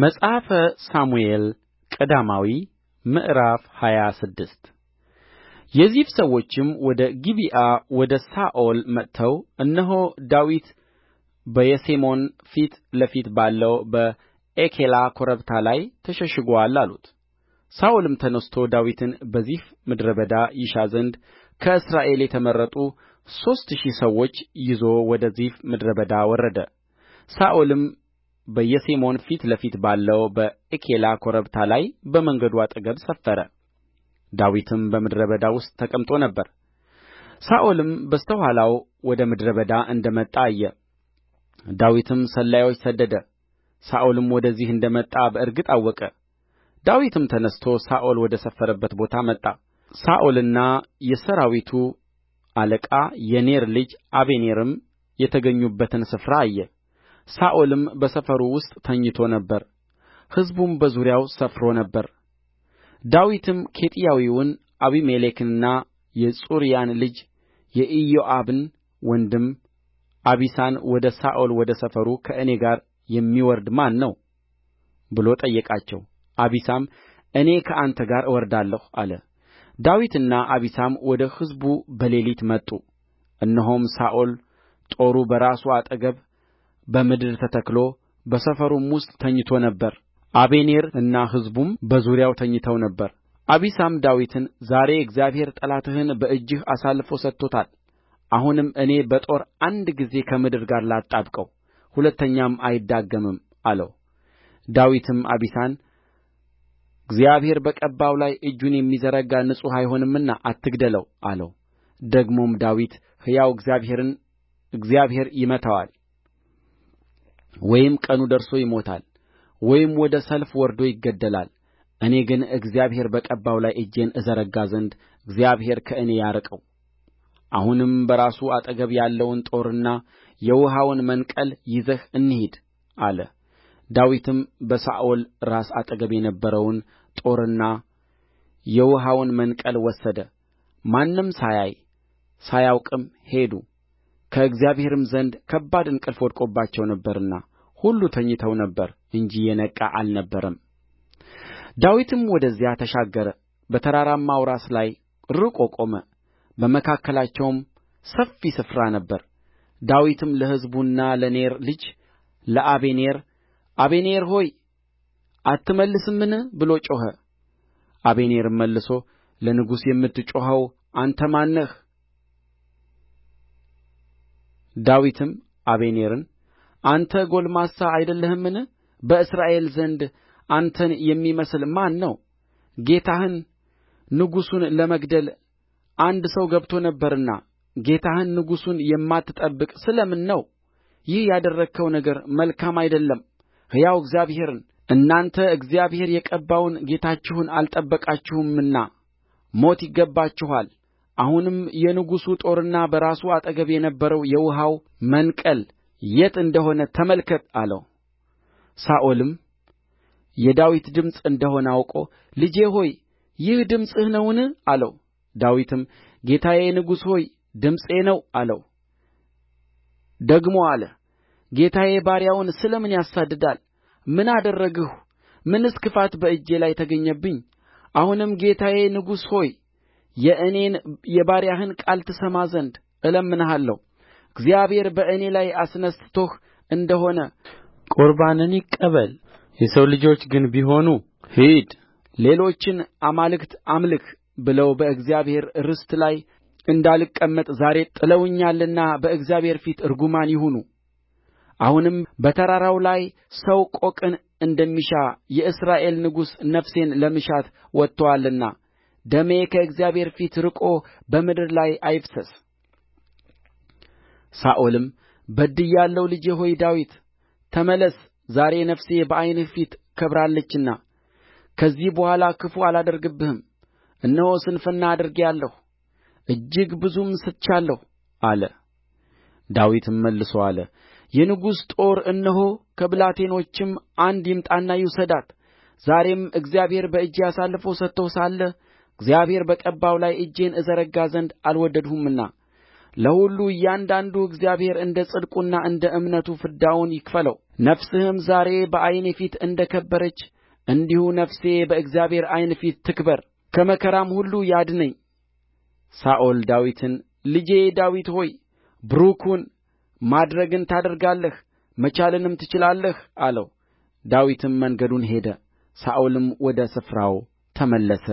መጽሐፈ ሳሙኤል ቀዳማዊ ምዕራፍ ሃያ ስድስት የዚፍ ሰዎችም ወደ ጊብዓ ወደ ሳኦል መጥተው እነሆ ዳዊት በየሴሞን ፊት ለፊት ባለው በኤኬላ ኮረብታ ላይ ተሸሽጎአል አሉት። ሳኦልም ተነሥቶ ዳዊትን በዚፍ ምድረ በዳ ይሻ ዘንድ ከእስራኤል የተመረጡ ሦስት ሺህ ሰዎች ይዞ ወደ ዚፍ ምድረ በዳ ወረደ። ሳኦልም በየሴሞን ፊት ለፊት ባለው በኤኬላ ኮረብታ ላይ በመንገዱ አጠገብ ሰፈረ ዳዊትም በምድረ በዳ ውስጥ ተቀምጦ ነበር ሳኦልም በስተ ኋላው ወደ ምድረ በዳ እንደ መጣ አየ ዳዊትም ሰላዮች ሰደደ ሳኦልም ወደዚህ እንደ መጣ በእርግጥ አወቀ ዳዊትም ተነሥቶ ሳኦል ወደ ሰፈረበት ቦታ መጣ ሳኦልና የሠራዊቱ አለቃ የኔር ልጅ አበኔርም የተገኙበትን ስፍራ አየ ሳኦልም በሰፈሩ ውስጥ ተኝቶ ነበር ሕዝቡም በዙሪያው ሰፍሮ ነበር ዳዊትም ኬጢያዊውን አቢሜሌክንና የጽሩያን ልጅ የኢዮአብን ወንድም አቢሳን ወደ ሳኦል ወደ ሰፈሩ ከእኔ ጋር የሚወርድ ማን ነው ብሎ ጠየቃቸው አቢሳም እኔ ከአንተ ጋር እወርዳለሁ አለ ዳዊትና አቢሳም ወደ ሕዝቡ በሌሊት መጡ እነሆም ሳኦል ጦሩ በራሱ አጠገብ በምድር ተተክሎ በሰፈሩም ውስጥ ተኝቶ ነበር አቤኔር እና ሕዝቡም በዙሪያው ተኝተው ነበር አቢሳም ዳዊትን ዛሬ እግዚአብሔር ጠላትህን በእጅህ አሳልፎ ሰጥቶታል አሁንም እኔ በጦር አንድ ጊዜ ከምድር ጋር ላጣብቀው ሁለተኛም አይዳገምም አለው ዳዊትም አቢሳን እግዚአብሔር በቀባው ላይ እጁን የሚዘረጋ ንጹሕ አይሆንምና አትግደለው አለው ደግሞም ዳዊት ሕያው እግዚአብሔርን እግዚአብሔር ይመታዋል ወይም ቀኑ ደርሶ ይሞታል ወይም ወደ ሰልፍ ወርዶ ይገደላል እኔ ግን እግዚአብሔር በቀባው ላይ እጄን እዘረጋ ዘንድ እግዚአብሔር ከእኔ ያርቀው አሁንም በራሱ አጠገብ ያለውን ጦርና የውኃውን መንቀል ይዘህ እንሂድ አለ ዳዊትም በሳኦል ራስ አጠገብ የነበረውን ጦርና የውኃውን መንቀል ወሰደ ማንም ሳያይ ሳያውቅም ሄዱ ከእግዚአብሔርም ዘንድ ከባድ እንቅልፍ ወድቆባቸው ነበርና ሁሉ ተኝተው ነበር እንጂ የነቃ አልነበረም ዳዊትም ወደዚያ ተሻገረ በተራራማው ራስ ላይ ርቆ ቆመ በመካከላቸውም ሰፊ ስፍራ ነበር ዳዊትም ለሕዝቡና ለኔር ልጅ ለአበኔር አበኔር ሆይ አትመልስምን ብሎ ጮኸ አበኔርም መልሶ ለንጉሡ የምትጮኸው አንተ ማን ነህ ዳዊትም አበኔርን አንተ ጕልማሳ አይደለህምን በእስራኤል ዘንድ አንተን የሚመስል ማን ነው ጌታህን ንጉሡን ለመግደል አንድ ሰው ገብቶ ነበርና ጌታህን ንጉሡን የማትጠብቅ ስለ ምን ነው ይህ ያደረግኸው ነገር መልካም አይደለም ሕያው እግዚአብሔርን እናንተ እግዚአብሔር የቀባውን ጌታችሁን አልጠበቃችሁምና ሞት ይገባችኋል አሁንም የንጉሡ ጦርና በራሱ አጠገብ የነበረው የውኃው መንቀል የት እንደ ሆነ ተመልከት አለው ሳኦልም የዳዊት ድምፅ እንደ ሆነ አውቆ ልጄ ሆይ ይህ ድምፅህ ነውን አለው ዳዊትም ጌታዬ ንጉሥ ሆይ ድምፄ ነው አለው ደግሞ አለ ጌታዬ ባሪያውን ስለ ምን ያሳድዳል ምን አደረግሁ ምንስ ክፋት በእጄ ላይ ተገኘብኝ አሁንም ጌታዬ ንጉሥ ሆይ የእኔን የባሪያህን ቃል ትሰማ ዘንድ እለምንሃለሁ እግዚአብሔር በእኔ ላይ አስነሥቶህ እንደ ሆነ ቍርባንን ይቀበል የሰው ልጆች ግን ቢሆኑ ሂድ ሌሎችን አማልክት አምልክ ብለው በእግዚአብሔር ርስት ላይ እንዳልቀመጥ ዛሬ ጥለውኛልና በእግዚአብሔር ፊት ርጉማን ይሁኑ አሁንም በተራራው ላይ ሰው ቆቅን እንደሚሻ የእስራኤል ንጉሥ ነፍሴን ለመሻት ወጥቶአልና ደሜ ከእግዚአብሔር ፊት ርቆ በምድር ላይ አይፍሰስ ሳኦልም በድያለሁ ልጄ ሆይ ዳዊት ተመለስ ዛሬ ነፍሴ በዓይንህ ፊት ከብራለችና ከዚህ በኋላ ክፉ አላደርግብህም እነሆ ስንፍና አድርጌአለሁ እጅግ ብዙም ስቻለሁ አለ ዳዊትም መልሶ አለ የንጉሥ ጦር እነሆ ከብላቴኖችም አንድ ይምጣና ይውሰዳት ዛሬም እግዚአብሔር በእጄ አሳልፎ ሰጥቶህ ሳለ እግዚአብሔር በቀባው ላይ እጄን እዘረጋ ዘንድ አልወደድሁምና ለሁሉ እያንዳንዱ እግዚአብሔር እንደ ጽድቁና እንደ እምነቱ ፍዳውን ይክፈለው ነፍስህም ዛሬ በዓይኔ ፊት እንደ ከበረች እንዲሁ ነፍሴ በእግዚአብሔር ዓይን ፊት ትክበር ከመከራም ሁሉ ያድነኝ ሳኦል ዳዊትን ልጄ ዳዊት ሆይ ብሩኩን ማድረግን ታደርጋለህ መቻልንም ትችላለህ አለው ዳዊትም መንገዱን ሄደ ሳኦልም ወደ ስፍራው ተመለሰ